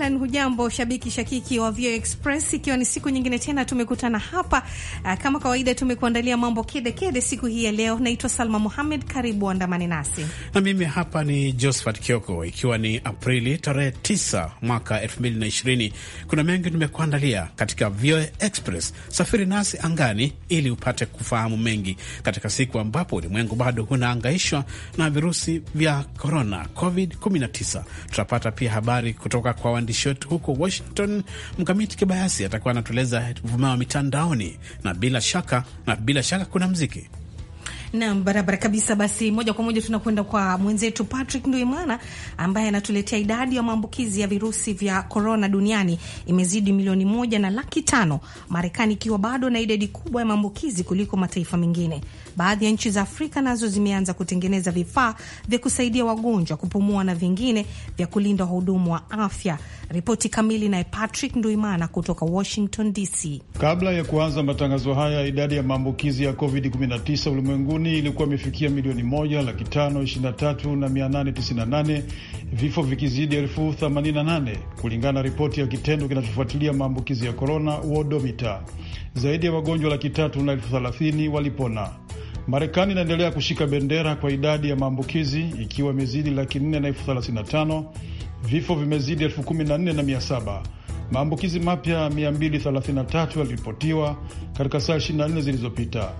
Shukran, hujambo shabiki shakiki wa Vio Express, ikiwa ni siku nyingine tena tumekutana hapa. Eh, kama kawaida, tumekuandalia mambo kede kede siku hii ya leo. Naitwa Salma Muhamed, karibu andamani nasi na mimi hapa ni Josephat Kioko, ikiwa ni Aprili tarehe 9 mwaka 2020. Kuna mengi tumekuandalia katika Vio Express. Safiri nasi angani ili upate kufahamu mengi katika siku ambapo ulimwengu bado unaangaishwa na virusi vya corona COVID-19. Tutapata pia habari kutoka kwa wandi mwandishi wetu huko Washington, Mkamiti Kibayasi, atakuwa anatueleza uvumao mitandaoni, na bila shaka na bila shaka kuna mziki Naam, barabara kabisa. Basi moja kwa moja tunakwenda kwa mwenzetu Patrick Nduimana ambaye anatuletea idadi ya maambukizi ya virusi vya korona duniani imezidi milioni moja na laki tano, Marekani ikiwa bado na idadi kubwa ya maambukizi kuliko mataifa mengine. Baadhi ya nchi za Afrika nazo zimeanza kutengeneza vifaa vya kusaidia wagonjwa kupumua na vingine vya kulinda wahudumu wa afya. Ripoti kamili naye Patrick Nduimana kutoka Washington DC. Kabla ya kuanza matangazo haya, idadi ya maambukizi ya COVID-19 ulimwenguni karibuni ilikuwa imefikia milioni moja laki tano ishirini na tatu na mia nane tisini na nane vifo vikizidi elfu themanini na nane kulingana na ripoti ya kitendo kinachofuatilia maambukizi ya korona Wodomita. Zaidi ya wagonjwa laki tatu na elfu thelathini walipona. Marekani inaendelea kushika bendera kwa idadi ya maambukizi ikiwa imezidi laki nne na elfu thelathini na tano vifo vimezidi elfu kumi na nne na mia saba Maambukizi mapya 233 yaliripotiwa katika saa 24 zilizopita.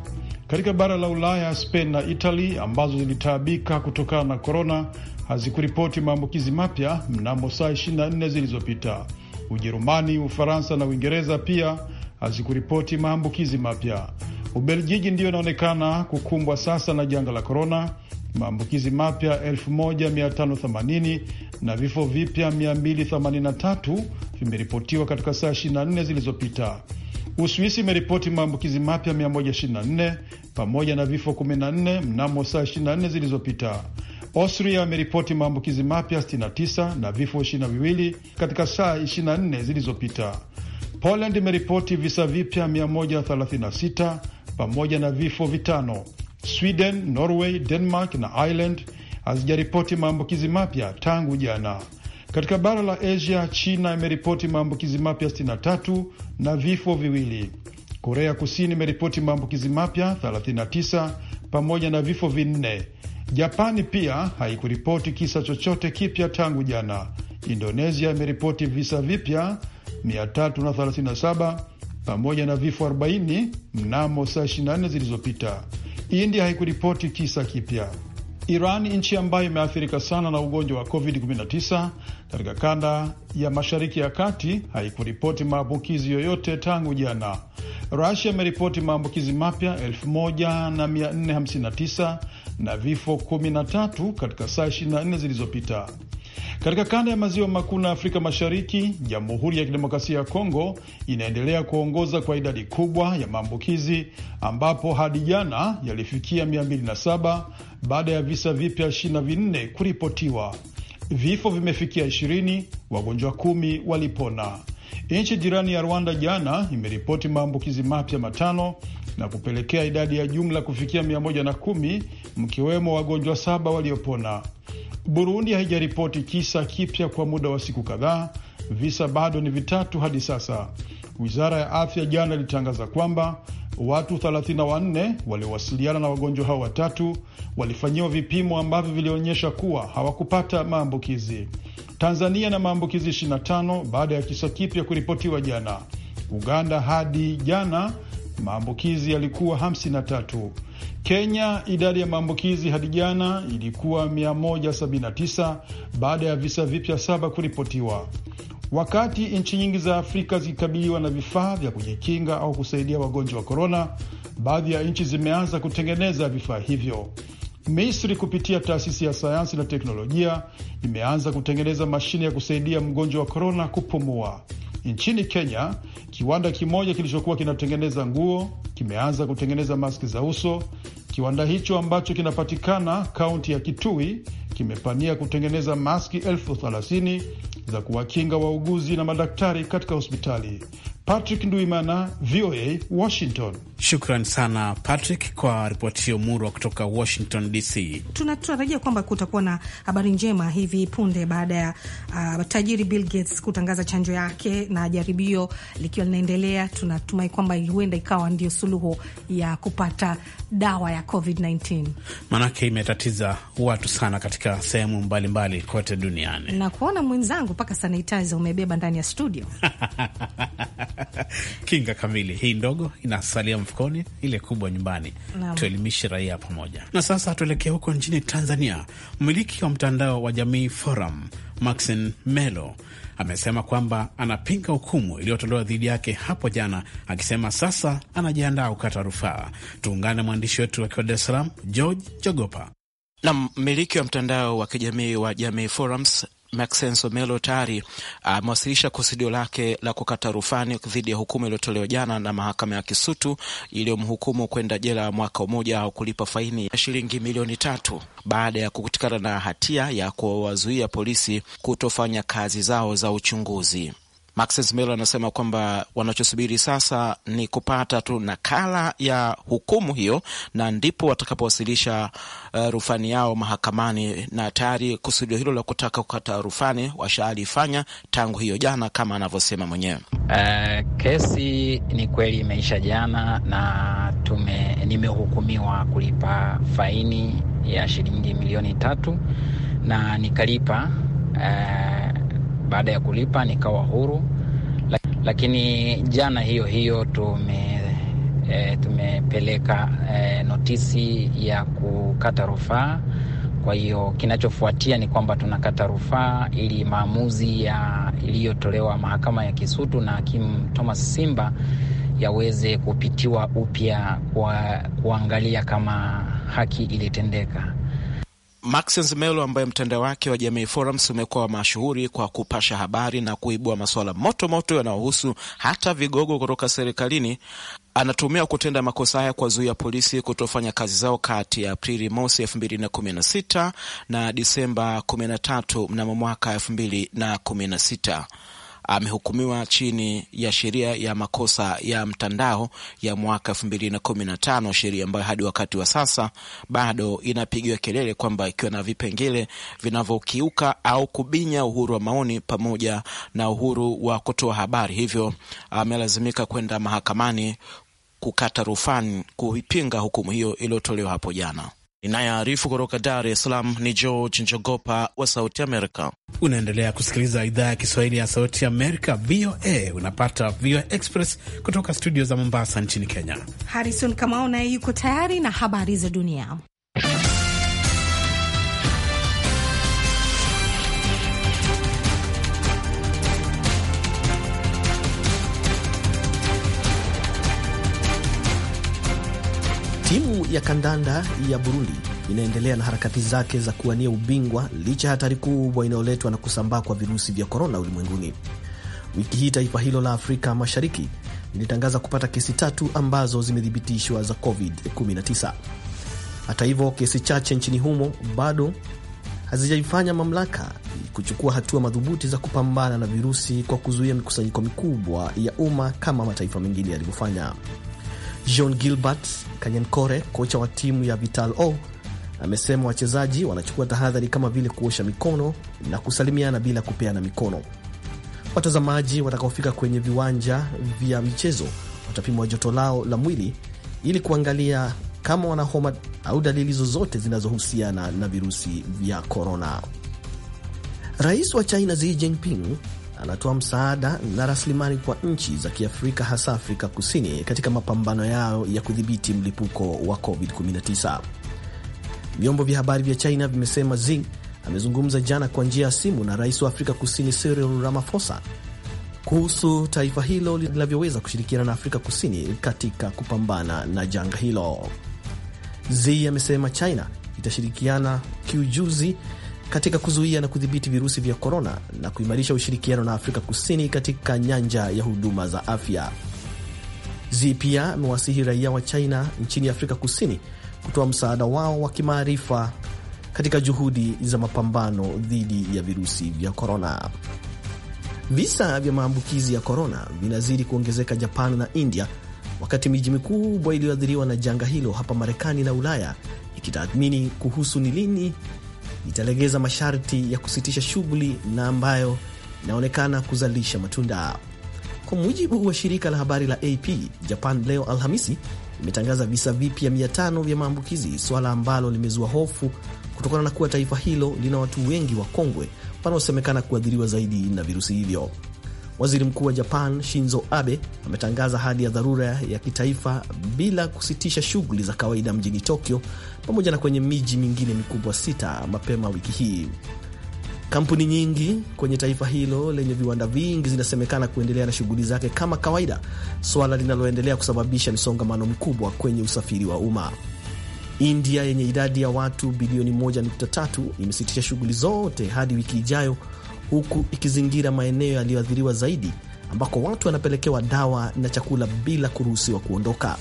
Katika bara la Ulaya, Spain na italy ambazo zilitaabika kutokana na korona hazikuripoti maambukizi mapya mnamo saa 24 zilizopita. Ujerumani, Ufaransa na Uingereza pia hazikuripoti maambukizi mapya. Ubelgiji ndiyo inaonekana kukumbwa sasa na janga la korona, maambukizi mapya 1580 na vifo vipya 283 vimeripotiwa katika saa 24 zilizopita. Uswisi imeripoti maambukizi mapya 124 pamoja na vifo 14 mnamo saa 24 zilizopita. Austria imeripoti maambukizi mapya 69 na vifo 22 katika saa 24 zilizopita. Poland imeripoti visa vipya 136 pamoja na vifo vitano. Sweden, Norway, Denmark na Ireland hazijaripoti maambukizi mapya tangu jana. Katika bara la Asia, China imeripoti maambukizi mapya 63 na vifo viwili. Korea Kusini imeripoti maambukizi mapya 39 pamoja na vifo vinne. Japani pia haikuripoti kisa chochote kipya tangu jana. Indonesia imeripoti visa vipya 337 pamoja na vifo 40 mnamo saa 24 zilizopita. India haikuripoti kisa kipya. Iran nchi ambayo imeathirika sana na ugonjwa wa COVID-19 katika kanda ya Mashariki ya Kati haikuripoti maambukizi yoyote tangu jana. Rusia imeripoti maambukizi mapya 1459 na vifo 13 katika saa 24 zilizopita. Katika kanda ya maziwa makuu na Afrika Mashariki, Jamhuri ya Kidemokrasia ya Kongo inaendelea kuongoza kwa idadi kubwa ya maambukizi ambapo hadi jana yalifikia 207 baada ya visa vipya 24 kuripotiwa. Vifo vimefikia 20, wagonjwa kumi walipona. Nchi jirani ya Rwanda jana imeripoti maambukizi mapya matano na kupelekea idadi ya jumla kufikia 110, mkiwemo wagonjwa saba waliopona. Burundi haijaripoti kisa kipya kwa muda wa siku kadhaa. Visa bado ni vitatu hadi sasa. Wizara ya afya jana ilitangaza kwamba watu 34 waliowasiliana na wagonjwa hao watatu walifanyiwa vipimo ambavyo vilionyesha kuwa hawakupata maambukizi. Tanzania na maambukizi 25 baada ya kisa kipya kuripotiwa jana. Uganda hadi jana maambukizi yalikuwa 53. Kenya, idadi ya maambukizi hadi jana ilikuwa 179 baada ya visa vipya saba kuripotiwa. Wakati nchi nyingi za Afrika zikikabiliwa na vifaa vya kujikinga au kusaidia wagonjwa wa korona, baadhi ya nchi zimeanza kutengeneza vifaa hivyo. Misri kupitia taasisi ya sayansi na teknolojia imeanza kutengeneza mashine ya kusaidia mgonjwa wa korona kupumua. Nchini Kenya, Kiwanda kimoja kilichokuwa kinatengeneza nguo kimeanza kutengeneza maski za uso. Kiwanda hicho ambacho kinapatikana kaunti ya Kitui kimepania kutengeneza maski elfu thelathini za kuwakinga wauguzi na madaktari katika hospitali. Patrick Nduimana, VOA Washington. Shukran sana Patrick kwa ripoti hiyo murwa kutoka Washington DC. Tunatarajia kwamba kutakuwa na habari njema hivi punde baada ya uh, tajiri Bill Gates kutangaza chanjo yake na jaribio likiwa linaendelea. Tunatumai kwamba huenda ikawa ndio suluhu ya kupata dawa ya COVID-19, maanake imetatiza watu sana katika sehemu mbalimbali kote duniani, na kuona mwenzangu mpaka sanitizer umebeba ndani ya studio kinga kamili. Hii ndogo inasalia mfukoni, ile kubwa nyumbani. Tuelimishe raia pamoja. Na sasa tuelekee huko nchini Tanzania. Mmiliki wa mtandao wa Jamii Forum Maxin Melo amesema kwamba anapinga hukumu iliyotolewa dhidi yake hapo jana, akisema sasa anajiandaa kukata rufaa. Tuungane mwandishi wetu akiwa Dar es Salaam, George Jogopa. Na mmiliki wa mtandao wa kijamii wa Jamii Forums Maxence Melo tayari ah, amewasilisha kusudio lake la kukata rufani dhidi ya hukumu iliyotolewa jana na mahakama ya Kisutu iliyomhukumu kwenda jela mwaka mmoja au kulipa faini ya shilingi milioni tatu baada ya kukutikana na hatia ya kuwazuia polisi kutofanya kazi zao za uchunguzi. Maxence anasema kwamba wanachosubiri sasa ni kupata tu nakala ya hukumu hiyo na ndipo watakapowasilisha uh, rufani yao mahakamani, na tayari kusudio hilo la kutaka kukata rufani washaalifanya tangu hiyo jana, kama anavyosema mwenyewe. Uh, kesi ni kweli imeisha jana na tume, nimehukumiwa kulipa faini ya shilingi milioni tatu na nikalipa uh, baada ya kulipa nikawa huru, lakini jana hiyo hiyo tume e, tumepeleka e, notisi ya kukata rufaa. Kwa hiyo kinachofuatia ni kwamba tunakata rufaa ili maamuzi iliyotolewa mahakama ya Kisutu na hakimu Thomas Simba yaweze kupitiwa upya kwa kuangalia kama haki ilitendeka. Maxence Melo ambaye mtandao wake wa Jamii Forums umekuwa mashuhuri kwa kupasha habari na kuibua masuala motomoto yanayohusu hata vigogo kutoka serikalini, anatumiwa kutenda makosa haya kwa zuia polisi kutofanya kazi zao kati ya Aprili mosi 216 na Disemba 13 mnamo mwaka 216 amehukumiwa chini ya sheria ya makosa ya mtandao ya mwaka elfu mbili na kumi na tano, sheria ambayo hadi wakati wa sasa bado inapigiwa kelele kwamba ikiwa na vipengele vinavyokiuka au kubinya uhuru wa maoni pamoja na uhuru wa kutoa habari. Hivyo amelazimika kwenda mahakamani kukata rufani kuipinga hukumu hiyo iliyotolewa hapo jana. Inayoarifu kutoka Dar es Salaam ni George Njogopa wa Sauti Amerika. Unaendelea kusikiliza idhaa ya Kiswahili ya Sauti Amerika, VOA. Unapata VOA Express kutoka studio za Mombasa nchini Kenya. Harrison Kamau naye yuko tayari na habari za dunia. Timu ya kandanda ya Burundi inaendelea na harakati zake za kuwania ubingwa licha ya hatari kubwa inayoletwa na kusambaa kwa virusi vya korona ulimwenguni. Wiki hii taifa hilo la Afrika Mashariki lilitangaza kupata kesi tatu ambazo zimethibitishwa za COVID-19. Hata hivyo, kesi chache nchini humo bado hazijaifanya mamlaka kuchukua hatua madhubuti za kupambana na virusi kwa kuzuia mikusanyiko mikubwa ya umma kama mataifa mengine yalivyofanya. John Gilbert Kanyankore, kocha wa timu ya Vital O, amesema wachezaji wanachukua tahadhari kama vile kuosha mikono na kusalimiana bila kupeana mikono. Watazamaji watakaofika kwenye viwanja vya michezo watapimwa joto lao la mwili ili kuangalia kama wana homa au dalili zozote zinazohusiana na virusi vya korona. Rais wa China Xi Jinping anatoa msaada na rasilimali kwa nchi za Kiafrika, hasa Afrika Kusini, katika mapambano yao ya kudhibiti mlipuko wa COVID-19. Vyombo vya habari vya China vimesema Xi amezungumza jana kwa njia ya simu na rais wa Afrika Kusini Cyril Ramaphosa kuhusu taifa hilo linavyoweza kushirikiana na Afrika Kusini katika kupambana na janga hilo. Xi amesema China itashirikiana kiujuzi katika kuzuia na kudhibiti virusi vya korona na kuimarisha ushirikiano na Afrika Kusini katika nyanja ya huduma za afya. Xi pia amewasihi raia wa China nchini Afrika Kusini kutoa msaada wao wa kimaarifa katika juhudi za mapambano dhidi ya virusi vya korona. Visa vya maambukizi ya korona vinazidi kuongezeka Japan na India, wakati miji mikubwa iliyoathiriwa na janga hilo hapa Marekani na Ulaya ikitathmini kuhusu ni lini italegeza masharti ya kusitisha shughuli na ambayo inaonekana kuzalisha matunda. Kwa mujibu wa shirika la habari la AP, Japan leo Alhamisi imetangaza visa vipya 500 vya maambukizi, suala ambalo limezua hofu kutokana na kuwa taifa hilo lina watu wengi wa kongwe wanaosemekana kuathiriwa zaidi na virusi hivyo. Waziri Mkuu wa Japan Shinzo Abe ametangaza hali ya dharura ya kitaifa bila kusitisha shughuli za kawaida mjini Tokyo pamoja na kwenye miji mingine mikubwa sita mapema wiki hii. Kampuni nyingi kwenye taifa hilo lenye viwanda vingi zinasemekana kuendelea na shughuli zake kama kawaida, suala linaloendelea kusababisha msongamano mkubwa kwenye usafiri wa umma. India yenye idadi ya watu bilioni 1.3 imesitisha shughuli zote hadi wiki ijayo huku ikizingira maeneo yaliyoathiriwa zaidi ambako watu wanapelekewa dawa na chakula bila kuruhusiwa kuondoka.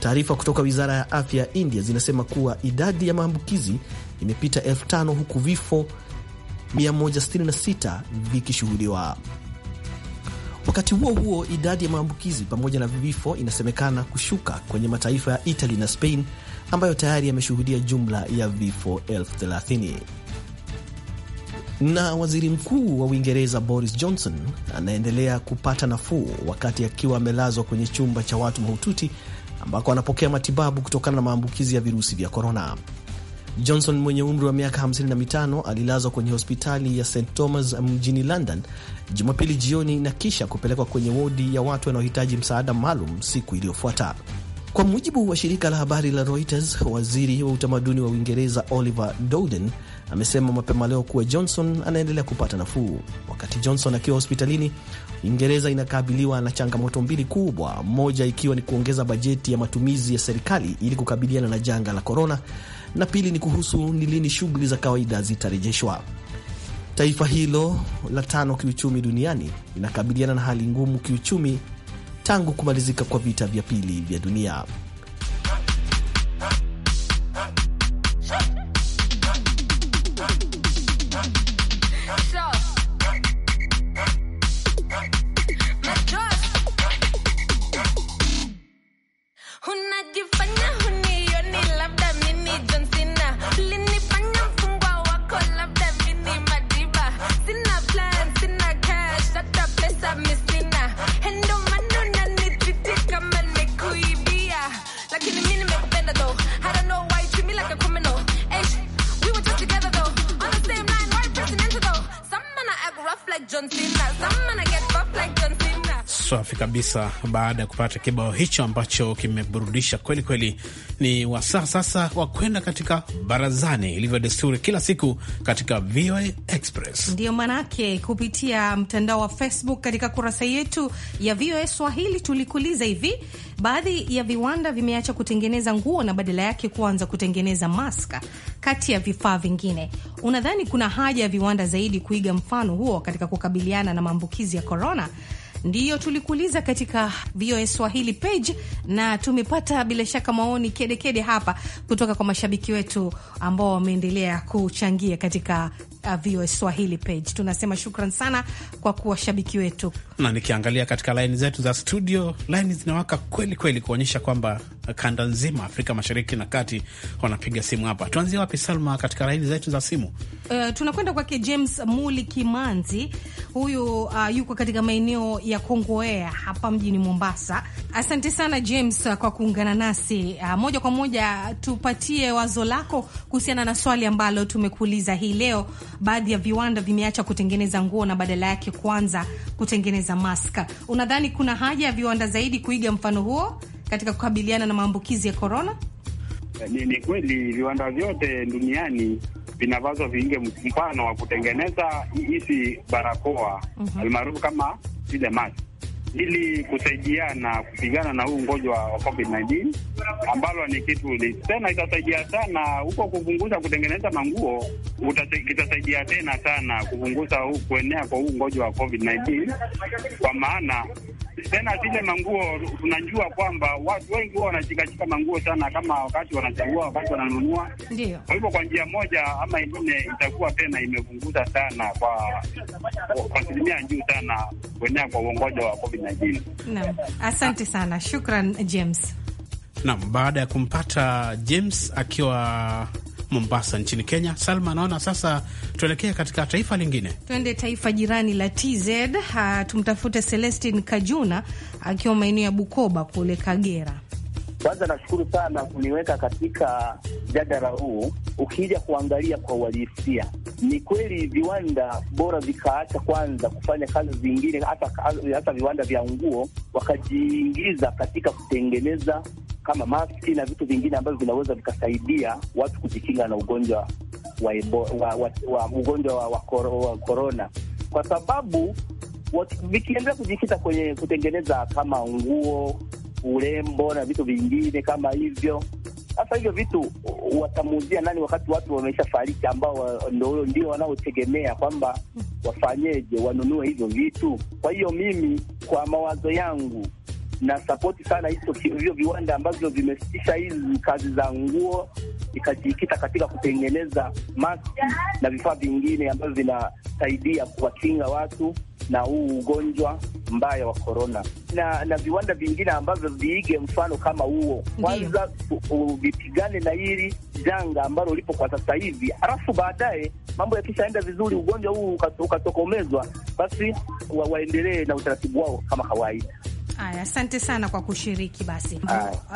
Taarifa kutoka wizara ya afya ya India zinasema kuwa idadi ya maambukizi imepita elfu tano huku vifo 166 vikishuhudiwa. Wakati huo huo, idadi ya maambukizi pamoja na vifo inasemekana kushuka kwenye mataifa ya Italy na Spain ambayo tayari yameshuhudia jumla ya vifo elfu thelathini. Na waziri mkuu wa Uingereza Boris Johnson anaendelea kupata nafuu wakati akiwa amelazwa kwenye chumba cha watu mahututi ambako anapokea matibabu kutokana na maambukizi ya virusi vya korona. Johnson mwenye umri wa miaka 55 alilazwa kwenye hospitali ya St Thomas mjini London Jumapili jioni na kisha kupelekwa kwenye wodi ya watu wanaohitaji msaada maalum siku iliyofuata. Kwa mujibu wa shirika la habari la Reuters, waziri wa utamaduni wa Uingereza Oliver Dowden amesema mapema leo kuwa Johnson anaendelea kupata nafuu. Wakati Johnson akiwa hospitalini, Uingereza inakabiliwa na changamoto mbili kubwa, moja ikiwa ni kuongeza bajeti ya matumizi ya serikali ili kukabiliana na janga la korona, na pili ni kuhusu ni lini shughuli za kawaida zitarejeshwa. Taifa hilo la tano kiuchumi duniani linakabiliana na hali ngumu kiuchumi tangu kumalizika kwa vita vya pili vya dunia. baada ya kupata kibao hicho ambacho kimeburudisha kweli kweli. Ni wasaa sasa wa kwenda katika barazani, ilivyo desturi kila siku katika VOA Express. Ndiyo manake kupitia mtandao wa Facebook katika kurasa yetu ya VOA Swahili tulikuuliza hivi, baadhi ya viwanda vimeacha kutengeneza nguo na badala yake kuanza kutengeneza maska kati ya vifaa vingine. Unadhani kuna haja ya viwanda zaidi kuiga mfano huo katika kukabiliana na maambukizi ya korona? ndiyo tulikuuliza katika VOA Swahili page, na tumepata bila shaka maoni kedekede kede hapa kutoka kwa mashabiki wetu ambao wameendelea kuchangia katika uh, VOA Swahili page. Tunasema shukran sana kwa kuwa shabiki wetu, na nikiangalia katika laini zetu za studio, laini zinawaka kweli kweli kuonyesha kwamba Eh, kanda nzima Afrika Mashariki na Kati wanapiga simu hapa. Tuanzie wapi Salma, katika laini zetu za simu? Uh, tunakwenda kwake James Muli Kimanzi. Huyu uh, yuko katika maeneo ya Kongowea hapa mjini Mombasa. Asante sana James ah, kwa kuungana nasi. Uh, moja kwa moja tupatie wazo lako kuhusiana na swali ambalo tumekuuliza hii leo. Baadhi ya viwanda vimeacha kutengeneza nguo na badala yake kuanza kutengeneza maska. Unadhani kuna haja ya viwanda zaidi kuiga mfano huo? katika kukabiliana na maambukizi ya korona? Ni, ni kweli viwanda vyote duniani vinavazwa viinge mfano wa kutengeneza hizi barakoa mm -hmm. almaarufu kama zile mask ili kusaidiana kupigana na huu ugonjwa wa COVID-19 ambalo ni kitu tena, itasaidia sana huko kupunguza kutengeneza manguo, kitasaidia tena sana kupunguza kuenea kwa huu ugonjwa wa COVID-19 kwa maana tena zile manguo tunajua kwamba watu wengi huwa wanashikashika manguo sana, kama wakati wanachagua, wakati wananunua. Ndio kwa hivyo, kwa njia moja ama ingine itakuwa tena imepunguza sana kwa asilimia juu sana kuenea kwa uongoja wa COVID. Naam, asante sana, shukran James. Naam, baada ya kumpata James akiwa Mombasa nchini Kenya. Salma, naona sasa tuelekee katika taifa lingine, tuende taifa jirani la TZ. Ha, tumtafute Celestin Kajuna akiwa maeneo ya Bukoba kule Kagera. Kwanza nashukuru sana kuniweka katika jadara huu. Ukija kuangalia kwa uhalisia, ni kweli viwanda bora vikaacha kwanza kufanya kazi zingine, hata viwanda vya nguo, wakajiingiza katika kutengeneza kama maski na vitu vingine ambavyo vinaweza vikasaidia watu kujikinga na ugonjwa wa, ebo, wa, wa, wa ugonjwa wa, wa, koro, wa korona, kwa sababu vikiendelea kujikita kwenye kutengeneza kama nguo, urembo na vitu vingine kama hivyo sasa hivyo vitu watamuuzia nani, wakati watu wameshafariki, ambao ndio ndio wanaotegemea kwamba wafanyeje, wanunue hivyo vitu. Kwa hiyo mimi, kwa mawazo yangu, na sapoti sana hivyo viwanda ambavyo vimesitisha hizi kazi za nguo, ikajikita katika kutengeneza maski na vifaa vingine ambavyo vinasaidia kuwakinga watu na huu ugonjwa mbaya wa korona, na na viwanda vingine ambavyo viige mfano kama huo, kwanza vipigane na hili janga ambalo lipo kwa sasa hivi, alafu baadaye mambo yakishaenda vizuri, ugonjwa huu ukatokomezwa, basi wa, waendelee na utaratibu wao kama kawaida. Aya, asante sana kwa kushiriki. Basi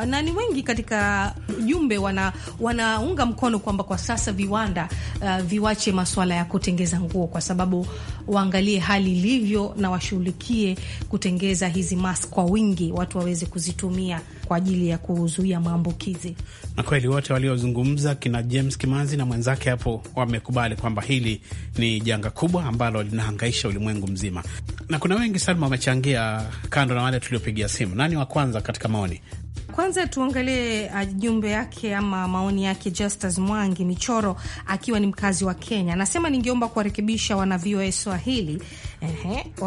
Aya. ni wengi katika jumbe wana wanaunga mkono kwamba kwa sasa viwanda uh, viwache masuala ya kutengeza nguo, kwa sababu waangalie hali ilivyo na washughulikie kutengeza hizi mask kwa wingi, watu waweze kuzitumia kwa ajili ya kuzuia maambukizi. Na kweli wote waliozungumza kina James Kimanzi na mwenzake hapo wamekubali kwamba hili ni janga kubwa ambalo linahangaisha ulimwengu mzima, na kuna wengi sana wamechangia kando na wale tuliopigia simu. Nani wa kwanza katika maoni? Kwanza tuangalie uh, jumbe yake ama maoni yake. Justus Mwangi Michoro akiwa ni mkazi wa Kenya anasema, ningeomba kuwarekebisha wana VOA Swahili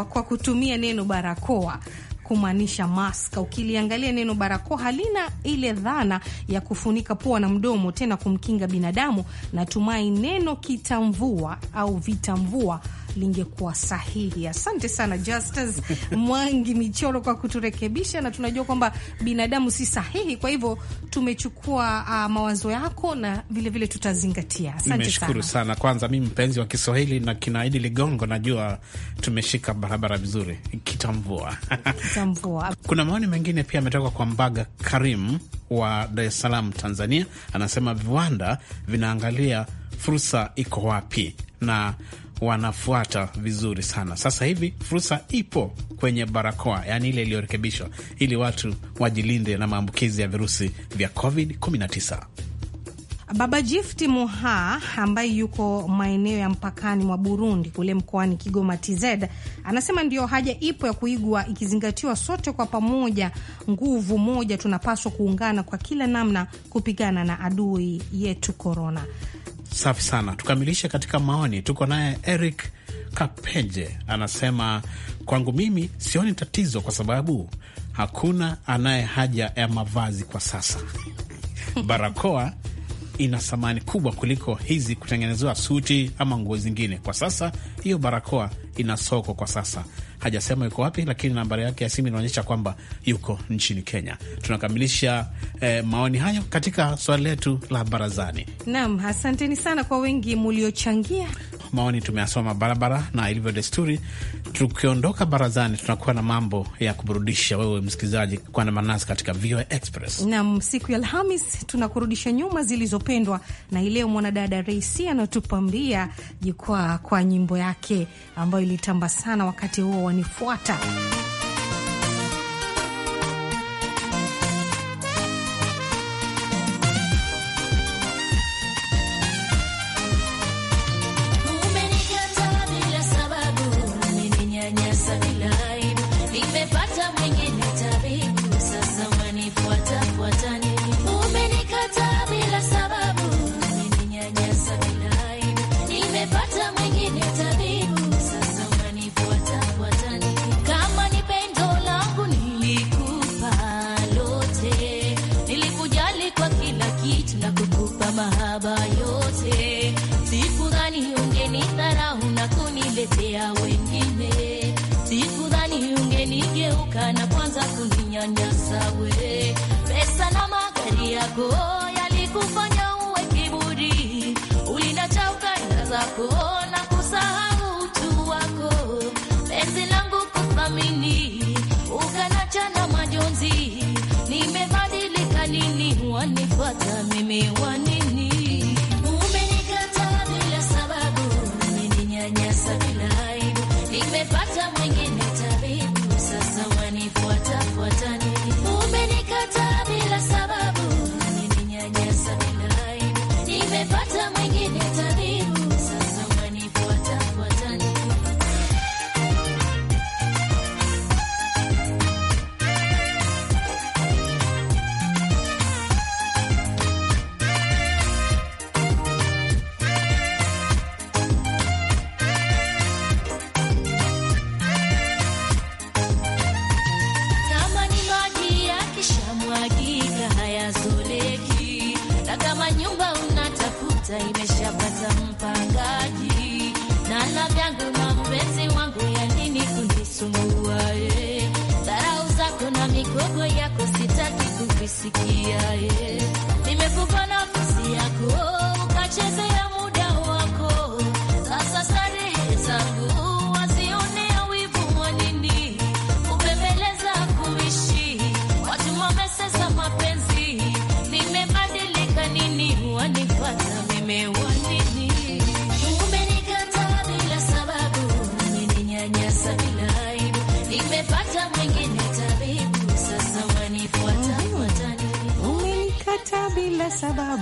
kwa kutumia neno barakoa kumaanisha maska. Ukiliangalia neno barakoa halina ile dhana ya kufunika pua na mdomo, tena kumkinga binadamu. Natumai neno kitamvua au vitamvua lingekuwa sahihi. Asante sana Justus Mwangi Michoro kwa kuturekebisha, na tunajua kwamba binadamu si sahihi, kwa hivyo tumechukua uh, mawazo yako na vilevile vile tutazingatia. Asante sana, nimeshukuru sana. Kwanza mi mpenzi wa Kiswahili na Kinaidi Ligongo, najua tumeshika barabara vizuri. Kitamvua, kitamvua. Kuna maoni mengine pia ametoka kwa Mbaga Karim wa Dar es Salaam, Tanzania, anasema viwanda vinaangalia fursa iko wapi na wanafuata vizuri sana. Sasa hivi fursa ipo kwenye barakoa, yaani ile iliyorekebishwa, ili watu wajilinde na maambukizi ya virusi vya COVID-19. Baba Jifti Muha ambaye yuko maeneo ya mpakani mwa Burundi kule mkoani Kigoma TZ anasema ndiyo haja ipo ya kuigwa, ikizingatiwa sote kwa pamoja, nguvu moja, tunapaswa kuungana kwa kila namna kupigana na adui yetu korona. Safi sana, tukamilishe katika maoni. Tuko naye Eric Kapenje anasema, kwangu mimi sioni tatizo kwa sababu hakuna anaye haja ya mavazi kwa sasa. Barakoa ina thamani kubwa kuliko hizi kutengenezewa suti ama nguo zingine. Kwa sasa hiyo barakoa ina soko kwa sasa hajasema yuko wapi, lakini nambari yake ya simu inaonyesha kwamba yuko nchini Kenya. Tunakamilisha eh, maoni hayo katika swali letu la barazani. Naam, asanteni sana kwa wengi mliochangia maoni. Tumeasoma barabara, na ilivyo desturi, tukiondoka barazani, tunakuwa na mambo ya kuburudisha wewe msikilizaji, kwa na manasi katika VOA Express. Naam, siku ya Alhamis tunakurudisha nyuma zilizopendwa, na ileo mwanadada Reisi anatupambia jukwaa kwa nyimbo yake ambayo ilitamba sana wakati huo wa water. baba yote, sikudhani ungenidharau na kuniletea wengine, sikudhani ungenigeuka na kwanza kuninyanyasa we. Pesa na magari yako yalikufanya uwe kiburi, ulinacha ukaenda zako na kusahau utu wako. Penzi langu kuthamini, ukanacha na majonzi, nimebadilika nini? wanifuata mimi wani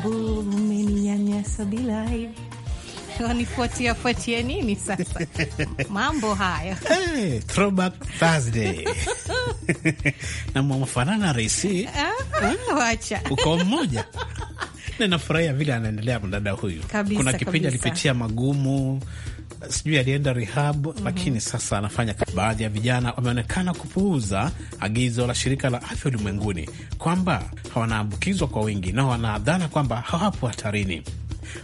Kitambu umeninyanyasa bila aibu. Wanifuatia fuatia nini sasa? mambo haya hey, throwback Thursday na mwamafanana resi, ah, ah, wacha uko mmoja lakini nafurahia vile anaendelea mdada huyu kabisa. Kuna kipindi alipitia magumu, sijui alienda rehab mm -hmm. Lakini sasa anafanya. Baadhi ya vijana wameonekana kupuuza agizo la shirika la afya ulimwenguni kwamba hawanaambukizwa kwa wingi na wanadhana kwamba hawapo hatarini.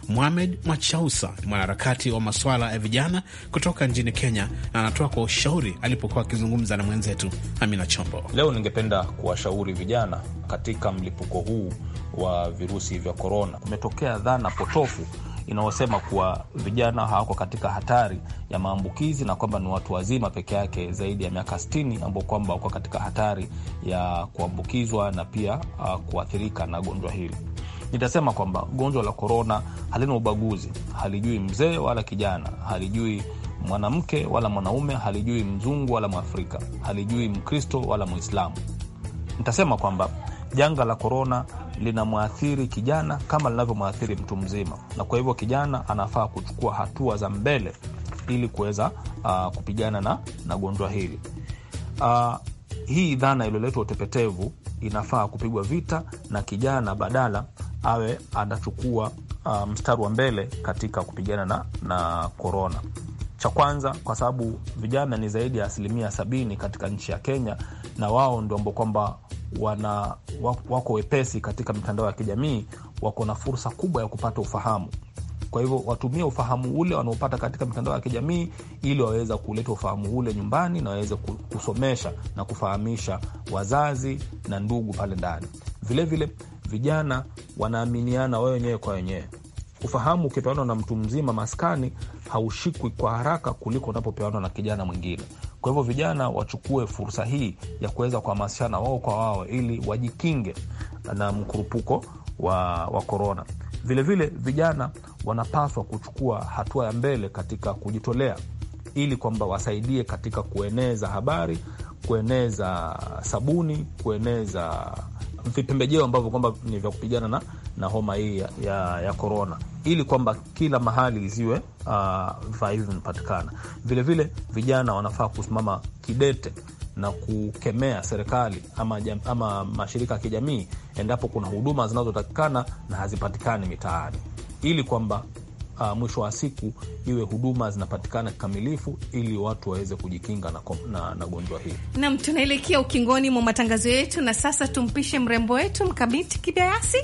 Mohamed machausa ni mwanaharakati wa maswala ya vijana kutoka nchini Kenya, na anatoa kwa ushauri alipokuwa akizungumza na mwenzetu Amina Chombo. Leo ningependa kuwashauri vijana katika mlipuko huu wa virusi vya korona. Kumetokea dhana potofu inayosema kuwa vijana hawako katika hatari ya maambukizi na kwamba ni watu wazima peke yake zaidi ya miaka 60 ambao kwamba wako katika hatari ya kuambukizwa na pia uh, kuathirika na gonjwa hili nitasema kwamba gonjwa la korona halina ubaguzi, halijui mzee wala kijana, halijui mwanamke wala mwanaume, halijui mzungu wala Mwafrika, halijui Mkristo wala Mwislamu. Nitasema kwamba janga la korona linamwathiri kijana kama linavyomwathiri mtu mzima, na kwa hivyo kijana anafaa kuchukua hatua za mbele ili kuweza uh, kupigana na, na gonjwa hili uh, hii dhana iliyoletwa utepetevu inafaa kupigwa vita na kijana badala awe anachukua uh, ah, mstari wa mbele katika kupigana na, na korona. Cha kwanza kwa sababu vijana ni zaidi ya asilimia sabini katika nchi ya Kenya, na wao ndio ambao kwamba wana wako wepesi katika mitandao ya kijamii, wako na fursa kubwa ya kupata ufahamu kwa hivyo watumie ufahamu ule wanaopata katika mitandao ya kijamii ili waweze kuleta ufahamu ule nyumbani na waweze kusomesha na kufahamisha wazazi na ndugu pale ndani. Vilevile vijana wanaaminiana wao wenyewe kwa wenyewe. Ufahamu ukipeanwa na mtu mzima maskani haushikwi kwa haraka kuliko unapopeanwa na kijana mwingine. Kwa hivyo vijana wachukue fursa hii ya kuweza kuhamasishana wao kwa wao ili wajikinge na mkurupuko wa, wa korona. Vilevile vile, vijana wanapaswa kuchukua hatua ya mbele katika kujitolea ili kwamba wasaidie katika kueneza habari, kueneza sabuni, kueneza vipembejeo ambavyo kwamba ni vya kupigana na, na homa hii ya, ya, ya korona ili kwamba kila mahali ziwe ah, vifaa hivi vinapatikana. Vilevile vijana wanafaa kusimama kidete na kukemea serikali ama, jam, ama mashirika ya kijamii endapo kuna huduma zinazotakikana na hazipatikani mitaani ili kwamba Uh, mwisho wa siku iwe huduma zinapatikana kikamilifu ili watu waweze kujikinga na, na, na gonjwa hili. nam tunaelekea ukingoni mwa matangazo yetu, na sasa tumpishe mrembo wetu mkabiti Kibayasi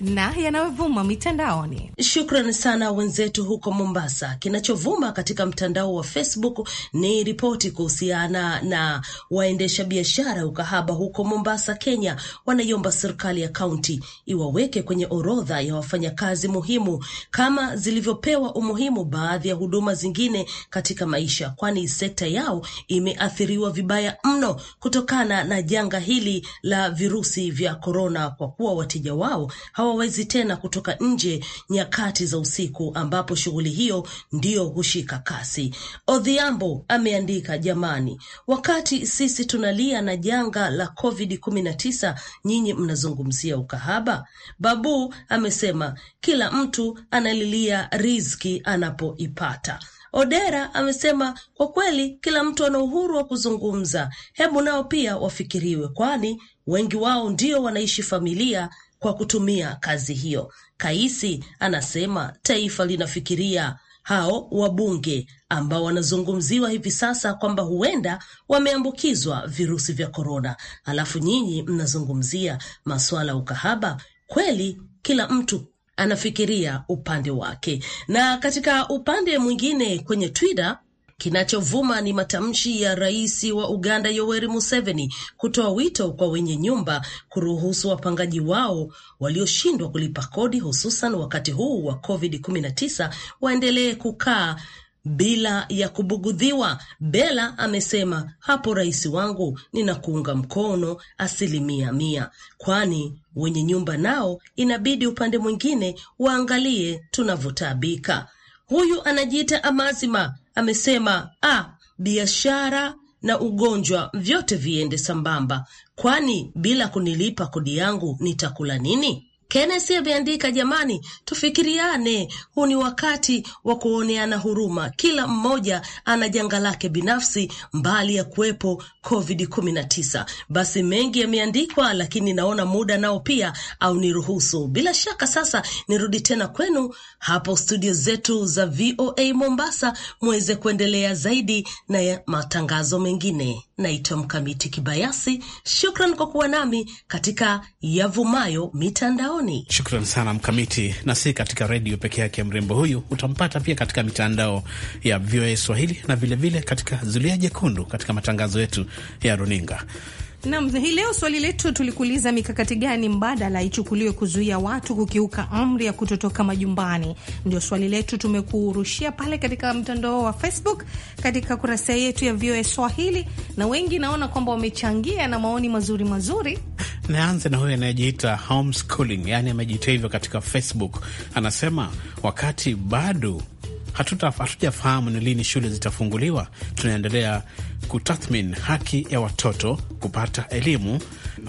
na yanayovuma mitandaoni. Shukran sana wenzetu huko Mombasa. Kinachovuma katika mtandao wa Facebook ni ripoti kuhusiana na waendesha biashara ukahaba huko Mombasa, Kenya, wanaiomba serikali ya kaunti iwaweke kwenye orodha ya wafanyakazi muhimu kama zilivyopewa umuhimu baadhi ya huduma zingine katika maisha, kwani sekta yao imeathiriwa vibaya mno kutokana na janga hili la virusi vya korona, kwa kuwa wateja wao hawa hawawezi tena kutoka nje nyakati za usiku ambapo shughuli hiyo ndiyo hushika kasi. Odhiambo ameandika, jamani, wakati sisi tunalia na janga la Covid 19 nyinyi mnazungumzia ukahaba. Babu amesema kila mtu analilia riziki anapoipata. Odera amesema kwa kweli, kila mtu ana uhuru wa kuzungumza, hebu nao pia wafikiriwe, kwani wengi wao ndio wanaishi familia kwa kutumia kazi hiyo. Kaisi anasema taifa linafikiria hao wabunge ambao wanazungumziwa hivi sasa kwamba huenda wameambukizwa virusi vya korona, alafu nyinyi mnazungumzia masuala ya ukahaba. Kweli kila mtu anafikiria upande wake. Na katika upande mwingine kwenye Twitter Kinachovuma ni matamshi ya rais wa Uganda Yoweri Museveni kutoa wito kwa wenye nyumba kuruhusu wapangaji wao walioshindwa kulipa kodi, hususan wakati huu wa COVID-19 waendelee kukaa bila ya kubugudhiwa. Bela amesema hapo, rais wangu, ninakuunga mkono asilimia mia, kwani wenye nyumba nao inabidi upande mwingine waangalie tunavyotaabika. Huyu anajiita Amazima amesema ah, biashara na ugonjwa vyote viende sambamba, kwani bila kunilipa kodi yangu nitakula nini? Kenesi ameandika jamani, tufikiriane. Huu ni wakati wa kuoneana huruma, kila mmoja ana janga lake binafsi, mbali ya kuwepo COVID 19. Basi mengi yameandikwa, lakini naona muda nao pia au niruhusu. Bila shaka, sasa nirudi tena kwenu hapo studio zetu za VOA Mombasa, muweze kuendelea zaidi na matangazo mengine. Naitwa Mkamiti Kibayasi, shukran kwa kuwa nami katika yavumayo mitandao jioni. Shukran sana Mkamiti, na si katika redio peke yake. Mrembo huyu utampata pia katika mitandao ya VOA Swahili na vilevile vile katika Zulia Jekundu katika matangazo yetu ya runinga. Nam, hii leo swali letu tulikuuliza mikakati gani mbadala ichukuliwe kuzuia watu kukiuka amri ya kutotoka majumbani. Ndio swali letu tumekurushia pale katika mtandao wa Facebook katika kurasa yetu ya VOA Swahili, na wengi naona kwamba wamechangia na maoni mazuri mazuri. Naanze na huyo anayejiita homeschooling, yaani amejiita hivyo katika Facebook, anasema wakati bado hatujafahamu ni lini shule zitafunguliwa, tunaendelea kutathmini haki ya watoto kupata elimu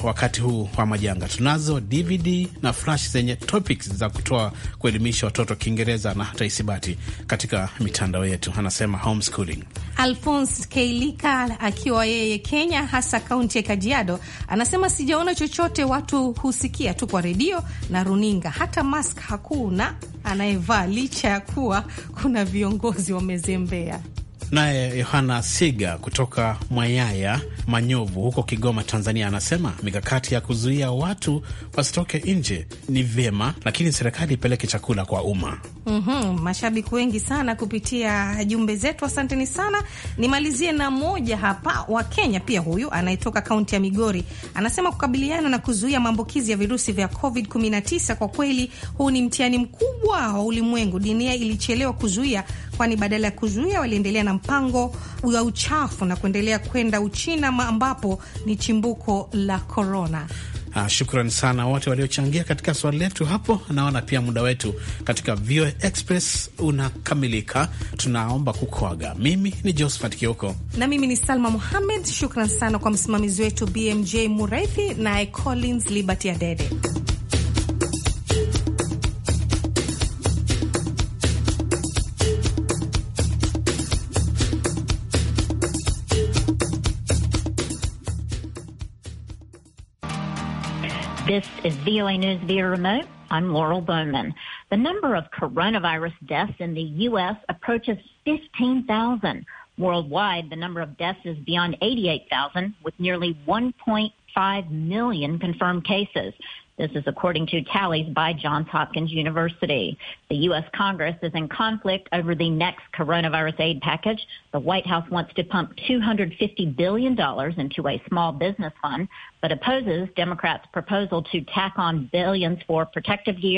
wakati huu wa majanga. Tunazo DVD na flash zenye topics za kutoa kuelimisha watoto Kiingereza na hata isibati katika mitandao yetu, anasema homeschooling. Alphonse Keilika akiwa yeye Kenya, hasa kaunti ya Kajiado, anasema sijaona chochote, watu husikia tu kwa redio na runinga, hata mask hakuna anayevaa licha ya kuwa kuna viongozi wamezembea. Naye Yohana Siga kutoka Mwayaya Manyovu huko Kigoma, Tanzania, anasema mikakati ya kuzuia watu wasitoke nje ni vyema, lakini serikali ipeleke chakula kwa umma. mm -hmm. Mashabiki wengi sana kupitia jumbe zetu, asanteni sana. Nimalizie na moja hapa wa Kenya pia, huyu anayetoka kaunti ya Migori anasema kukabiliana na kuzuia maambukizi ya virusi vya COVID-19 kwa kweli huu ni mtihani mkubwa wa ulimwengu. Dunia ilichelewa kuzuia kwani badala ya kuzuia waliendelea na mpango wa uchafu na kuendelea kwenda Uchina ambapo ni chimbuko la korona. Ah, shukrani sana wote waliochangia katika swali letu hapo. Naona pia muda wetu katika VOA Express unakamilika, tunaomba kukwaga. Mimi ni Josephat Kioko na mimi ni Salma Muhamed. Shukran sana kwa msimamizi wetu BMJ Mureithi naye Collins Liberty Adede. This is VOA News via remote. I'm Laurel Bowman. The number of coronavirus deaths in the U.S. approaches 15,000. Worldwide, the number of deaths is beyond 88,000 with nearly 1.5 million confirmed cases. This is according to tallies by Johns Hopkins University. The U.S. Congress is in conflict over the next coronavirus aid package. The White House wants to pump $250 billion into a small business fund, but opposes Democrats' proposal to tack on billions for protective gear